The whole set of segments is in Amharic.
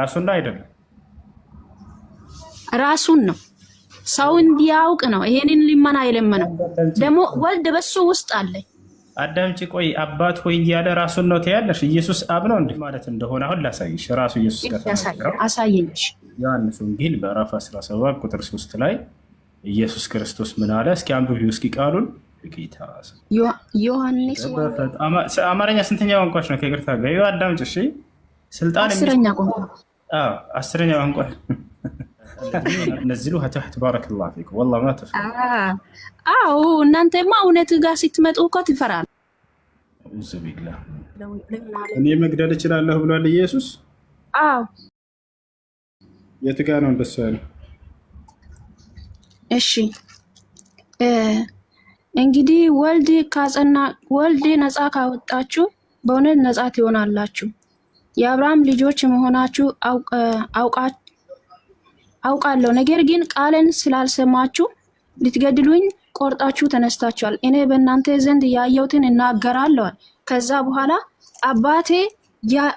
ራሱን አይደለም ራሱን ነው ሰው እንዲያውቅ ነው። ይሄንን ሊመና የለመነው ደግሞ ወልድ በሱ ውስጥ አለ። አዳምጪ፣ ቆይ አባት ሆይ እያለ ራሱን ነው ትያለሽ። ኢየሱስ አብ ነው እንዴ ማለት እንደሆነ አሁን ላሳይሽ። ራሱ ኢየሱስ ከተናገረው አሳይሽ። ዮሐንስ ወንጌል ምዕራፍ 17 ቁጥር 3 ላይ ኢየሱስ ክርስቶስ ምን አለ? እስኪ አንብቢው እስኪ ቃሉን ጌታ ዮሐንስ አማርኛ ስንተኛ ቋንቋሽ ነው? ከግርታ ጋር አዳምጪ እሺ ስልጣን አስረኛ ቋንቋ አስረኛ ቋንቋ ነዝሉሃ ተሕት ባረከላ ፊክ ወላሂ ማ ተፍ አዎ እናንተማ እውነት ጋር ስትመጡ እኮ ትፈራል ኡዝቢላ እኔ መግደል እችላለሁ ብሏል ኢየሱስ አዎ የት ጋ ነው እንደሱ ያለው እሺ እንግዲህ ወልድ ነፃ ካወጣችሁ በእውነት ነፃ ትሆናላችሁ የአብርሃም ልጆች መሆናችሁ አውቃለሁ፣ ነገር ግን ቃልን ስላልሰማችሁ ልትገድሉኝ ቆርጣችሁ ተነስታችኋል። እኔ በእናንተ ዘንድ ያየሁትን እናገራለዋል። ከዛ በኋላ አባቴ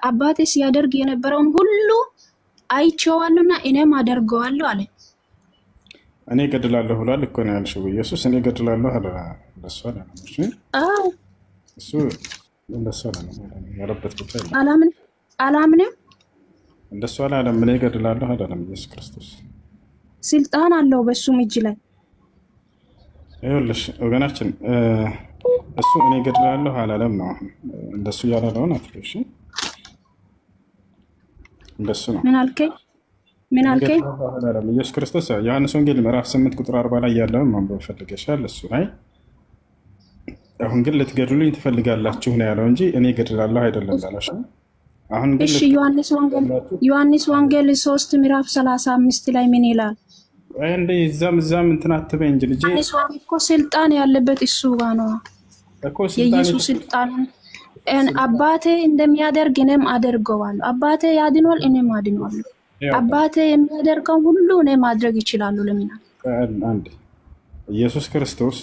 አባቴ ሲያደርግ የነበረውን ሁሉ አይቼዋለሁና እኔም አደርገዋለሁ አለ። እኔ እገድላለሁ ብሏል እኮ ነው ያልሽው። ኢየሱስ እኔ እገድላለሁ አለ። እንደሱ ነው እሱ እንደሱ አለ ነው ያለበት ቦታ አላምን አላምንም እንደሱ አላለም። እኔ እገድላለሁ አላለም። ኢየሱስ ክርስቶስ ስልጣን አለው በእሱም እጅ ላይ ይኸውልሽ፣ ወገናችን እሱ እኔ እገድላለሁ አላለም ነው። አሁን እንደሱ እያላለውን አትሽ እንደሱ ነው። ምን አልከኝ? ምን አልከኝ? ኢየሱስ ክርስቶስ ዮሐንስ ወንጌል ምዕራፍ ስምንት ቁጥር አርባ ላይ ያለውን ማንበብ ፈልገሻል። እሱ ላይ አሁን ግን ልትገድሉኝ ትፈልጋላችሁ ነው ያለው እንጂ እኔ እገድላለሁ አይደለም ላለሽ እሺ ዮሐንስ ወንጌል ዮሐንስ ወንጌል ሶስት ምዕራፍ ሰላሳ አምስት ላይ ምን ይላል? እንደ እዛም እዛም እንትን አትበይ እንጂ ልጄ እኮ ስልጣን ያለበት እሱ ጋ ነው እኮ የኢየሱስ ስልጣን አባቴ እንደሚያደርግ እኔም አደርገዋለሁ። አባቴ ያድኗል፣ እኔም አድኗለሁ። አባቴ የሚያደርገው ሁሉ እኔ ማድረግ ይችላሉ። ለምን አንድ ኢየሱስ ክርስቶስ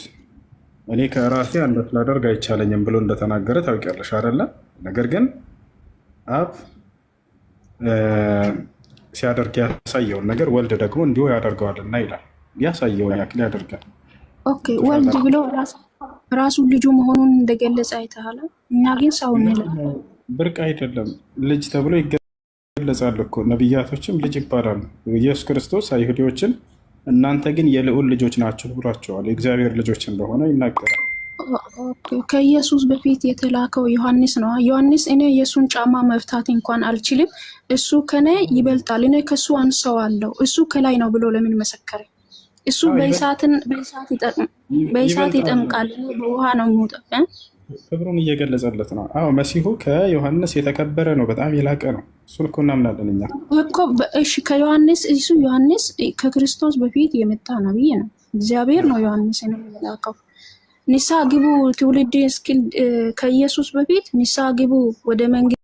እኔ ከራሴ አንዳች ላደርግ አይቻለኝም ብሎ እንደተናገረ ታውቂያለሽ አይደለ? ነገር ግን አብ ሲያደርግ ያሳየውን ነገር ወልድ ደግሞ እንዲሁ ያደርገዋልና ይላል። ያሳየውን ያክል ያደርጋል። ኦኬ ወልድ ብሎ ራሱ ልጁ መሆኑን እንደገለጸ አይተሃል። እኛ ግን ሰው እንላለን። ብርቅ አይደለም። ልጅ ተብሎ ይገለጻል እኮ ነቢያቶችም ልጅ ይባላሉ። ኢየሱስ ክርስቶስ አይሁዲዎችን እናንተ ግን የልዑል ልጆች ናቸው ብሏቸዋል። የእግዚአብሔር ልጆች እንደሆነ ይናገራል። ከኢየሱስ በፊት የተላከው ዮሐንስ ነው። ዮሐንስ እኔ የእሱን ጫማ መፍታት እንኳን አልችልም፣ እሱ ከኔ ይበልጣል፣ እኔ ከእሱ አለው እሱ ከላይ ነው ብሎ ለምን መሰከረ? እሱ በእሳት ይጠምቃል፣ በውሃ ነው የሚወጣ። ክብሩን እየገለጸለት ነው። አዎ መሲሁ ከዮሐንስ የተከበረ ነው፣ በጣም የላቀ ነው። እሱ እኮ እናምናለን እኛ እኮ። እሺ ከዮሐንስ እሱ ዮሐንስ ከክርስቶስ በፊት የመጣ ነብይ ነው። እግዚአብሔር ነው ዮሐንስን የላከው ንሳ ግቡ ትውልድ እስኪል ከኢየሱስ በፊት ንሳ ግቡ ወደ መንግስት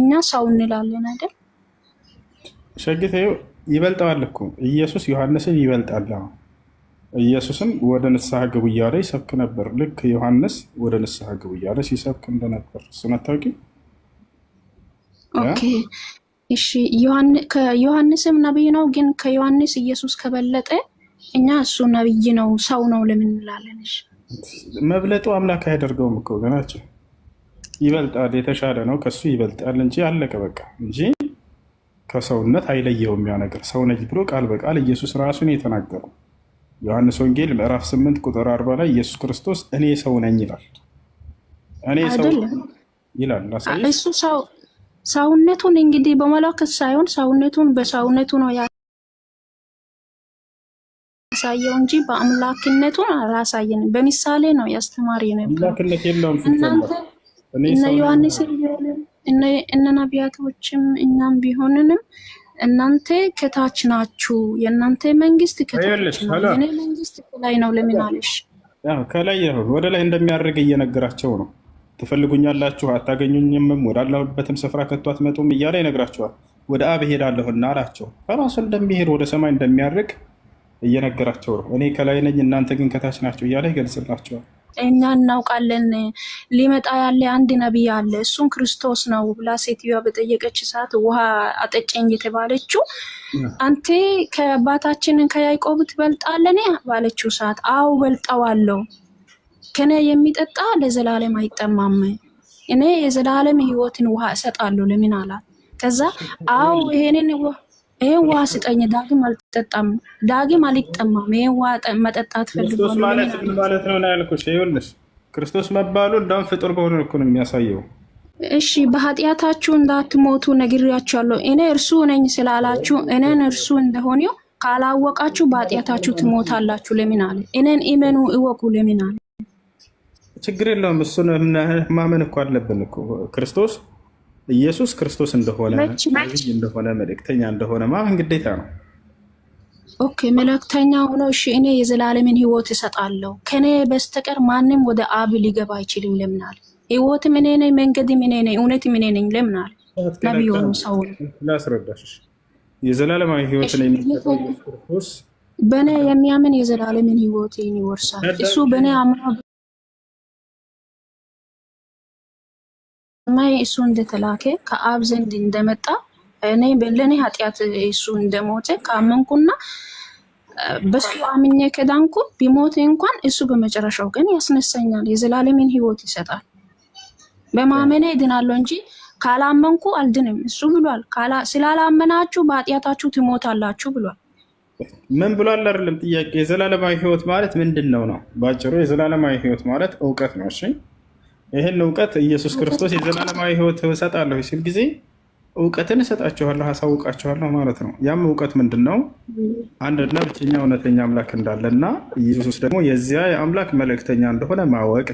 እኛ ሰው እንላለን አይደል? ሸጌት ይበልጠዋል እኮ ኢየሱስ ዮሐንስን ይበልጣል። ኢየሱስም ወደ ንስሐ ግቡ እያለ ይሰብክ ነበር። ልክ ዮሐንስ ወደ ንስሐ ግቡ እያለ ሲሰብክ እንደነበር ኦኬ እሺ ከዮሐንስም ነቢይ ነው፣ ግን ከዮሐንስ ኢየሱስ ከበለጠ እኛ እሱ ነቢይ ነው ሰው ነው ለምን እንላለን? መብለጡ አምላክ አያደርገውም እኮ ገናቸው ይበልጣል፣ የተሻለ ነው ከሱ ይበልጣል እንጂ አለቀ በቃ እንጂ ከሰውነት አይለየውም። ያ ነገር ሰው ነኝ ብሎ ቃል በቃል ኢየሱስ ራሱን የተናገረው ዮሐንስ ወንጌል ምዕራፍ 8 ቁጥር 40 ላይ ኢየሱስ ክርስቶስ እኔ ሰው ነኝ ይላል። እኔ ሰው ይላል። እሱ ሰው ሰውነቱን እንግዲህ በመለከት ሳይሆን ሰውነቱን በሰውነቱ ነው ያሳየው እንጂ በአምላክነቱን አላሳየንም። በምሳሌ ነው ያስተማሪ ነበር። እነ ዮሐንስ እነ ነቢያቶችም እኛም ቢሆንንም እናንተ ከታች ናችሁ፣ የእናንተ መንግስት ከታች ነው፣ የኔ መንግስት ከላይ ነው። ለምን አለሽ? ከላይ ወደ ላይ እንደሚያደርግ እየነገራቸው ነው ትፈልጉኛላችሁ አታገኙኝምም፣ ወዳለሁበትም ስፍራ ከቶ አትመጡም እያለ ይነግራቸዋል። ወደ አብ እሄዳለሁና አላቸው። ራሱ እንደሚሄድ ወደ ሰማይ እንደሚያርግ እየነገራቸው ነው። እኔ ከላይ ነኝ፣ እናንተ ግን ከታች ናቸው እያለ ይገልጽላቸዋል። እኛ እናውቃለን ሊመጣ ያለ አንድ ነቢይ አለ፣ እሱም ክርስቶስ ነው ብላ ሴትዮዋ በጠየቀች ሰዓት ውሃ አጠጨኝ የተባለችው አንቴ ከአባታችንን ከያይቆብ ትበልጣለን ባለችው ሰዓት አው በልጠዋለው ከኔ የሚጠጣ ለዘላለም አይጠማም፣ እኔ የዘላለም ህይወትን ውሃ እሰጣለሁ ለምን አላት። ከዛ አው ይሄንን ይሄን ውሃ ስጠኝ፣ ዳግም አልጠጣም፣ ዳግም አልጠማም፣ ይሄን ውሃ መጠጣት ፈልጎ ማለት ማለት ነው ያልኩሽ። ይኸውልሽ ክርስቶስ መባሉ እንደውም ፍጡር በሆነ እኮ ነው የሚያሳየው። እሺ በኃጢአታችሁ እንዳትሞቱ ነግሬያችኋለሁ፣ እኔ እርሱ ነኝ ስላላችሁ እኔን እርሱ እንደሆነው ካላወቃችሁ በኃጢአታችሁ ትሞታላችሁ ለምን አለ። እኔን እመኑ እወቁ ለምን አለ። ችግር የለውም። እሱን ማመን እኮ አለብን እኮ ክርስቶስ ኢየሱስ ክርስቶስ እንደሆነ እንደሆነ መልእክተኛ እንደሆነ ማመን ግዴታ ነው። ኦኬ መልእክተኛ ሆኖ እሺ፣ እኔ የዘላለምን ህይወት እሰጣለሁ ከኔ በስተቀር ማንም ወደ አብ ሊገባ አይችልም ለምናል። ሕይወትም እኔ ነኝ፣ መንገድም እኔ ነኝ፣ እውነትም እኔ ነኝ ለምናል። ነቢይ ሰው ላስረዳሽ፣ የዘላለማዊ ሕይወት ላይ ክርስቶስ በእኔ የሚያምን የዘላለምን ህይወት ይወርሳል። እሱ በእኔ አምኖ ሰማይ እሱ እንደተላከ ከአብ ዘንድ እንደመጣ እኔ ለእኔ ኃጢአት እሱ እንደሞተ ካመንኩና በሱ አምኜ ከዳንኩ ቢሞት እንኳን እሱ በመጨረሻው ግን ያስነሰኛል፣ የዘላለምን ህይወት ይሰጣል። በማመኔ እድናለሁ እንጂ ካላመንኩ አልድንም። እሱ ብሏል፣ ስላላመናችሁ በኃጢአታችሁ ትሞታላችሁ ብሏል። ምን ብሏል? አይደለም ጥያቄ። የዘላለማዊ ህይወት ማለት ምንድን ነው ነው? ባጭሩ የዘላለማዊ ህይወት ማለት እውቀት ነው። እሺ ይህን እውቀት ኢየሱስ ክርስቶስ የዘላለማዊ ህይወት እሰጣለሁ ሲል ጊዜ እውቀትን እሰጣችኋለሁ አሳውቃችኋለሁ ማለት ነው። ያም እውቀት ምንድን ነው? አንድና ብቸኛ እውነተኛ አምላክ እንዳለና ኢየሱስ ደግሞ የዚያ የአምላክ መልእክተኛ እንደሆነ ማወቅ።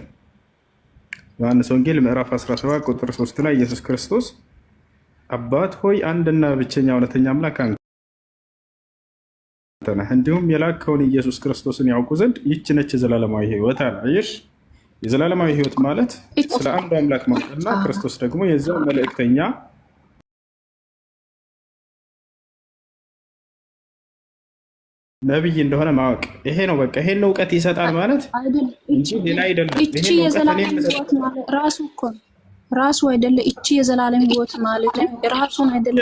ዮሐንስ ወንጌል ምዕራፍ 17 ቁጥር 3 ላይ ኢየሱስ ክርስቶስ አባት ሆይ አንድና ብቸኛ እውነተኛ አምላክ አንተ ነህ፣ እንዲሁም የላከውን ኢየሱስ ክርስቶስን ያውቁ ዘንድ ይች ነች ዘላለማዊ ህይወት አለ። የዘላለማዊ ህይወት ማለት ስለ አንዱ አምላክ ማወቅና ክርስቶስ ደግሞ የዚያው መልእክተኛ ነብይ እንደሆነ ማወቅ ይሄ ነው። በቃ ይሄን እውቀት ይሰጣል ማለት እንጂ ሌላ አይደለም። ራሱ እኮ ራሱ አይደለ እቺ የዘላለም ህይወት ማለት ራሱን አይደለ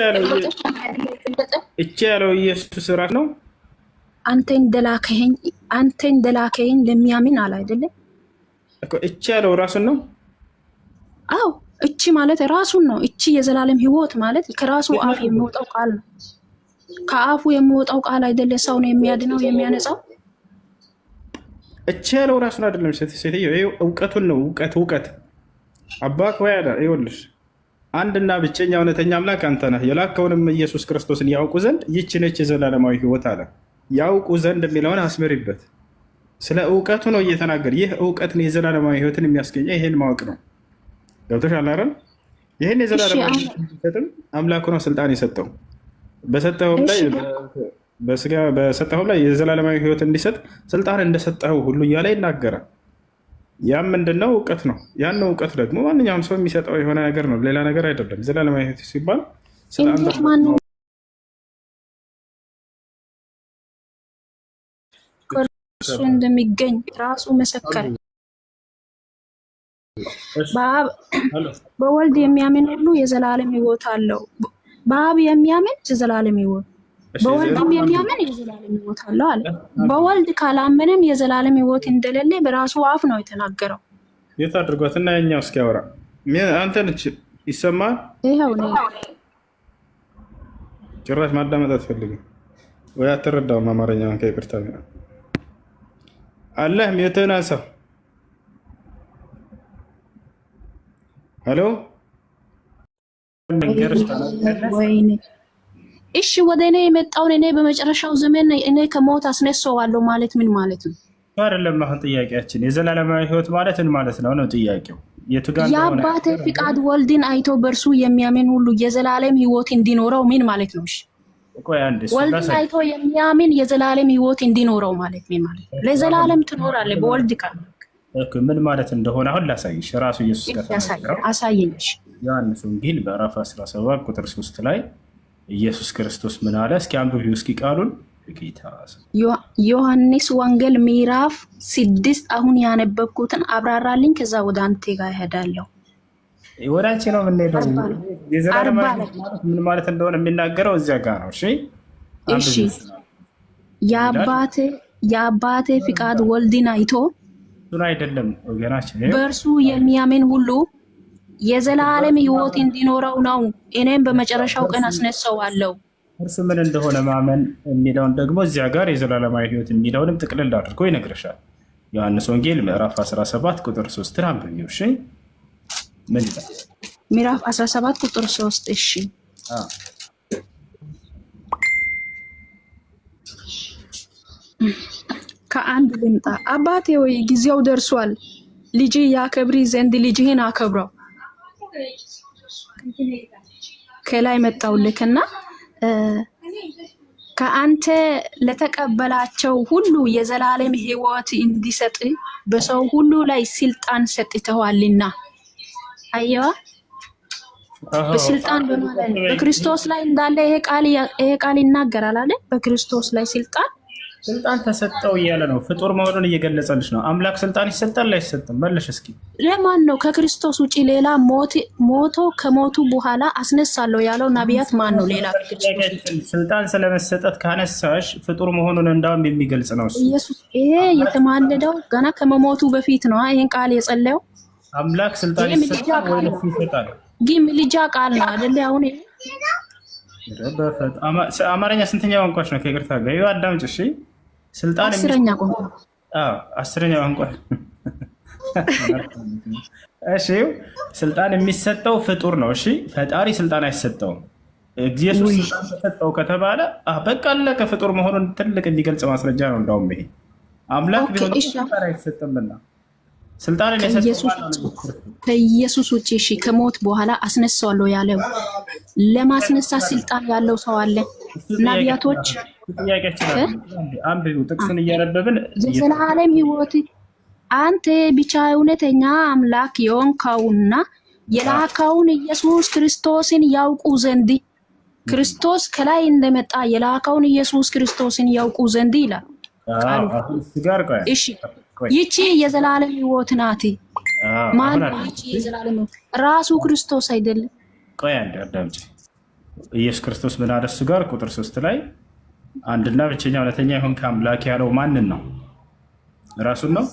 እቺ ያለው ኢየሱስ ራሱ ነው። አንተ እንደላከኝ አንተ እንደላከኝ ለሚያምን አለ አይደለም እቺ ያለው ራሱን ነው። አዎ እቺ ማለት ራሱን ነው። እቺ የዘላለም ህይወት ማለት ከራሱ አፍ የሚወጣው ቃል ነው። ከአፉ የሚወጣው ቃል አይደለ ሰው ነው የሚያድነው የሚያነጻው። እቺ ያለው ራሱን አይደለም ሴትዮ፣ እውቀቱን ነው። እውቀት እውቀት አባ ያለ ይኸውልሽ፣ አንድና ብቸኛ እውነተኛ አምላክ አንተ ነህ፣ የላከውንም ኢየሱስ ክርስቶስን ያውቁ ዘንድ ይቺ ነች የዘላለማዊ ህይወት አለ። ያውቁ ዘንድ የሚለውን አስምሪበት ስለ እውቀቱ ነው እየተናገር። ይህ እውቀት የዘላለማዊ ህይወትን የሚያስገኘ ይሄን ማወቅ ነው። ገብቶሻል አይደል? ይህን የዘላለማዊ አምላኩ ነው ስልጣን የሰጠው በሰጠውም ላይ በስጋ ላይ የዘላለማዊ ህይወት እንዲሰጥ ስልጣን እንደሰጠው ሁሉ እያለ ይናገራል። ያም ምንድነው እውቀት ነው። ያን እውቀት ደግሞ ማንኛውም ሰው የሚሰጠው የሆነ ነገር ነው፣ ሌላ ነገር አይደለም። ዘላለማዊ ህይወት ሲባል ስለ እሱ እንደሚገኝ ራሱ መሰከረ። በወልድ የሚያምን ሁሉ የዘላለም ሕይወት አለው። በአብ የሚያምን የዘላለም ሕይወት በወልድም የሚያምን የዘላለም ሕይወት አለው አለ። በወልድ ካላመነም የዘላለም ሕይወት እንደሌለ በራሱ አፍ ነው የተናገረው። የት አድርጓት እና የኛው እስኪያወራ አንተ ነች ይሰማል። ይኸው ነው ጭራሽ ማዳመጥ አትፈልግም ወይ አትረዳውም አማርኛውን ከይቅርታ አላህም የተናሰው ሄሎ እሺ፣ ወደ እኔ የመጣውን እኔ በመጨረሻው ዘመን እኔ ከሞት አስነሳዋለሁ ማለት ምን ማለት ነው? አይደለም። አሁን ጥያቄያችን የዘላለማዊ ህይወት ማለት ምን ማለት ነው ነው ጥያቄው። የአባቴ ፍቃድ ወልድን አይቶ በእርሱ የሚያምን ሁሉ የዘላለም ህይወት እንዲኖረው ምን ማለት ነው? እሺ ወልድን አይቶ የሚያምን የዘላለም ህይወት እንዲኖረው ማለት ነው። ማለት ለዘላለም ትኖራለህ በወልድ ቃል ምን ማለት እንደሆነ አሁን ላሳይሽ። ራሱ ኢየሱስ አሳየሽ። ዮሐንስ ወንጌል ምዕራፍ 17 ቁጥር 3 ላይ ኢየሱስ ክርስቶስ ምን አለ? እስኪ አንብቢው እስኪ ቃሉን ዮሐንስ ወንጌል ምዕራፍ ስድስት አሁን ያነበብኩትን አብራራልኝ፣ ከዛ ወደ አንተ ጋር እሄዳለሁ። ወዳቼ ነው የምንሄደው። የዘላለም ምን ማለት እንደሆነ የሚናገረው እዚያ ጋር ነው። እሺ የአባቴ ፍቃድ ወልድን አይቶ አይደለም ወገናችን፣ በእርሱ የሚያምን ሁሉ የዘላለም ህይወት እንዲኖረው ነው። እኔም በመጨረሻው ቀን አስነሳዋለሁ። እርሱ ምን እንደሆነ ማመን የሚለውን ደግሞ እዚያ ጋር የዘላለማዊ ህይወት የሚለውንም ጥቅልል አድርጎ ይነግረሻል። ዮሐንስ ወንጌል ምዕራፍ 17 ቁጥር 3 አንብቢው። ምን ይላል? ምዕራፍ 17 ቁጥር 3 እሺ። ከአንድ ልምጣ። አባቴ ወይ ጊዜው ደርሷል፣ ልጅ ያከብሪ ዘንድ ልጅህን አከብረው። ከላይ መጣውልክና ከአንተ ለተቀበላቸው ሁሉ የዘላለም ሕይወት እንዲሰጥ በሰው ሁሉ ላይ ስልጣን ሰጥተዋልና አየዋ በስልጣን በማለት በክርስቶስ ላይ እንዳለ ይሄ ቃል ይናገራል አለ። በክርስቶስ ላይ ስልጣን ስልጣን ተሰጠው እያለ ነው። ፍጡር መሆኑን እየገለጸልሽ ነው። አምላክ ስልጣን ይሰጣል አይሰጥም? መለሽ እስኪ ለማን ነው? ከክርስቶስ ውጪ ሌላ ሞቶ ከሞቱ በኋላ አስነሳለሁ ያለው ነቢያት ማን ነው? ሌላ ስልጣን ስለመሰጠት ካነሳሽ ፍጡር መሆኑን እንዳውም የሚገልጽ ነው። ኢየሱስ ይሄ የተማለደው ገና ከመሞቱ በፊት ነው ይሄን ቃል የጸለየው አምላክ ስልጣን ይሰጣል ይሰጣል። ጊም ልጅ ቃል ነው አይደል? አሁን አማርኛ ስንተኛ ቋንቋሽ ነው? ከይቅርታ ጋር አዳምጭ። እሺ ስልጣን አስረኛ ቋንቋ አስረኛ ቋንቋ እሺ። ስልጣን የሚሰጠው ፍጡር ነው። እሺ ፈጣሪ ስልጣን አይሰጠውም። እግዚአብሔር ስልጣን ተሰጠው ከተባለ በቃ አለቀ። ፍጡር መሆኑን ትልቅ የሚገልጽ ማስረጃ ነው። እንዳውም ይሄ አምላክ ቢሆን ስልጣን አይሰጥምና ከኢየሱስ ውጭ እሺ፣ ከሞት በኋላ አስነሳዋለሁ ያለው ለማስነሳት ስልጣን ያለው ሰው አለ? ነቢያቶች ጥቅሱን እያነበብን የዘላለም ሕይወት አንተ ብቻ እውነተኛ አምላክ የሆንከውና የላከውን ኢየሱስ ክርስቶስን ያውቁ ዘንድ ክርስቶስ ከላይ እንደመጣ የላከውን ኢየሱስ ክርስቶስን ያውቁ ዘንድ ይላል ቃሉ። እሺ ይቺ የዘላለም ህይወት ናት። ራሱ ክርስቶስ አይደለም። ቆይ አንድ አዳምጪ። ኢየሱስ ክርስቶስ ምን አለ? እሱ ጋር ቁጥር ሶስት ላይ አንድና ብቸኛ እውነተኛ ይሁን ከአምላክ ያለው ማንን ነው? ራሱን ነው።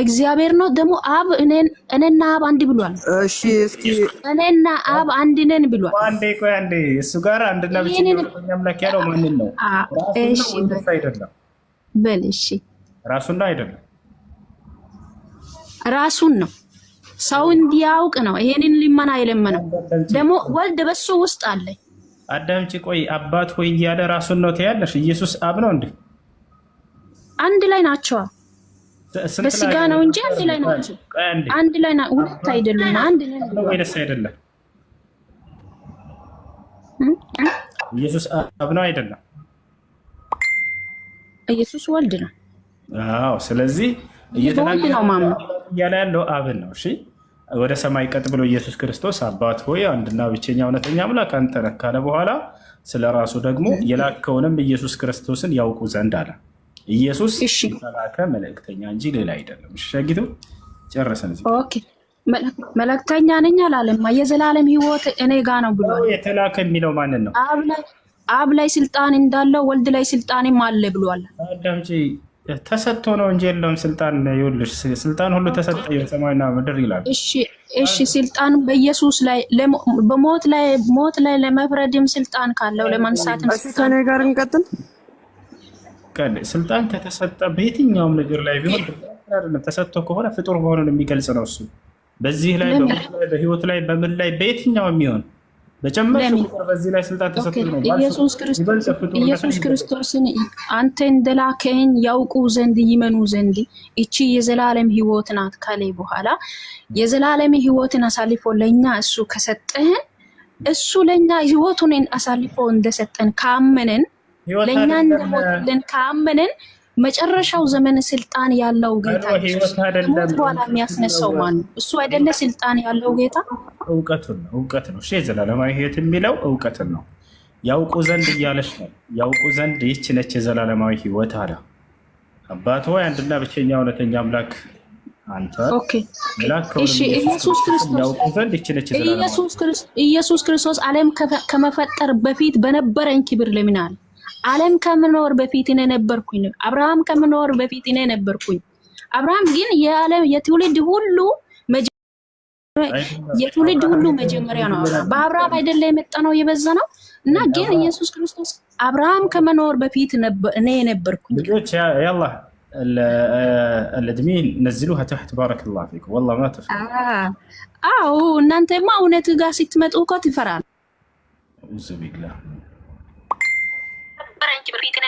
እግዚአብሔር ነው ደግሞ አብ እኔና አብ አንድ ብሏል። እኔና አብ አንድ ነን ብሏል። አንዴ ቆይ አንዴ፣ እሱ ጋር አንድና ብቸኛ ነው አምላክ ያለው ማንን ነው? አይደለም በል እሺ ራሱና አይደለም ራሱን ነው ሰው እንዲያውቅ ነው። ይሄንን ልመና የለመነው ደግሞ ወልድ በሱ ውስጥ አለ። አዳምጪ፣ ቆይ አባት ሆይ እያለ ራሱን ነው ትያለሽ። ኢየሱስ አብ ነው እንዴ? አንድ ላይ ናቸዋ። በስጋ ነው እንጂ አንድ ላይ ናቸው። አንድ ላይ ሁለት አይደለም። አንድ ላይ ነው ወይስ አይደለም? ኢየሱስ አብ ነው አይደለም? ኢየሱስ ወልድ ነው። አዎ። ስለዚህ እያለ ያለው አብን ነው። እሺ ወደ ሰማይ ቀጥ ብሎ ኢየሱስ ክርስቶስ አባት ሆይ አንድና ብቸኛ እውነተኛ አምላክ አንተ ካለ በኋላ ስለ ራሱ ደግሞ የላከውንም ኢየሱስ ክርስቶስን ያውቁ ዘንድ አለ። ኢየሱስ የተላከ መልእክተኛ እንጂ ሌላ አይደለም። ሸጊቱ ጨረሰን። መልእክተኛ ነኝ አላለማ። የዘላለም ህይወት እኔ ጋ ነው ብሎ የተላከ የሚለው ማንን ነው? አብ ላይ ስልጣን እንዳለው ወልድ ላይ ስልጣንም አለ ብሏል። ተሰጥቶ ነው እንጂ የለውም ስልጣን። ይኸውልሽ ስልጣን ሁሉ ተሰጠ የሰማይና ምድር ይላል። እሺ እሺ፣ ስልጣን በኢየሱስ ላይ በሞት ላይ ሞት ላይ ለመፍረድም ስልጣን ካለው ለማንሳት ስልጣን ጋር እንቀጥል። ቀን ስልጣን ከተሰጠ በየትኛውም ነገር ላይ ቢሆን ተሰጥቶ ከሆነ ፍጡር መሆኑን የሚገልጽ ነው እሱ በዚህ ላይ በሞት ላይ በህይወት ላይ በምን ላይ በየትኛውም የሚሆን ኢየሱስ ክርስቶስን አንተ እንደላከኝ ያውቁ ዘንድ ይመኑ ዘንድ እቺ የዘላለም ሕይወት ናት ከላይ በኋላ የዘላለም ሕይወትን አሳልፎ ለእኛ እሱ ከሰጠህ እሱ ለእኛ ሕይወቱን አሳልፎ እንደሰጠን ካመንን ለእኛ እንደሞትልን ካመንን መጨረሻው ዘመን ስልጣን ያለው ጌታ ሞት በኋላ የሚያስነሳው ማን ነው? እሱ አይደለ ስልጣን ያለው ጌታ? እውቀቱን ነው እውቀት ነው። እሺ የዘላለማዊ ሕይወት የሚለው እውቀትን ነው። ያውቁ ዘንድ እያለች ነው። ያውቁ ዘንድ ይች ነች የዘላለማዊ ህይወት አለ አባት ሆይ አንድና ብቸኛ እውነተኛ አምላክ አንተ ኢየሱስ ክርስቶስ ዓለም ከመፈጠር በፊት በነበረኝ ክብር ለምናል ዓለም ከምኖር በፊት እኔ ነበርኩኝ። አብርሃም ከምኖር በፊት እኔ ነበርኩኝ። አብርሃም ግን የዓለም የትውልድ ሁሉ የትውልድ ሁሉ መጀመሪያ ነው። በአብርሃም አይደለ የመጣ ነው የበዛ ነው እና ግን ኢየሱስ ክርስቶስ አብርሃም ከመኖር በፊት እኔ የነበርኩኝ ልጆች ያላ الادمين نزلوها تحت بارك ላ فيك والله አዎ እናንተማ እውነት ጋር ስትመጡ እኮ ትፈራል anche per Peter.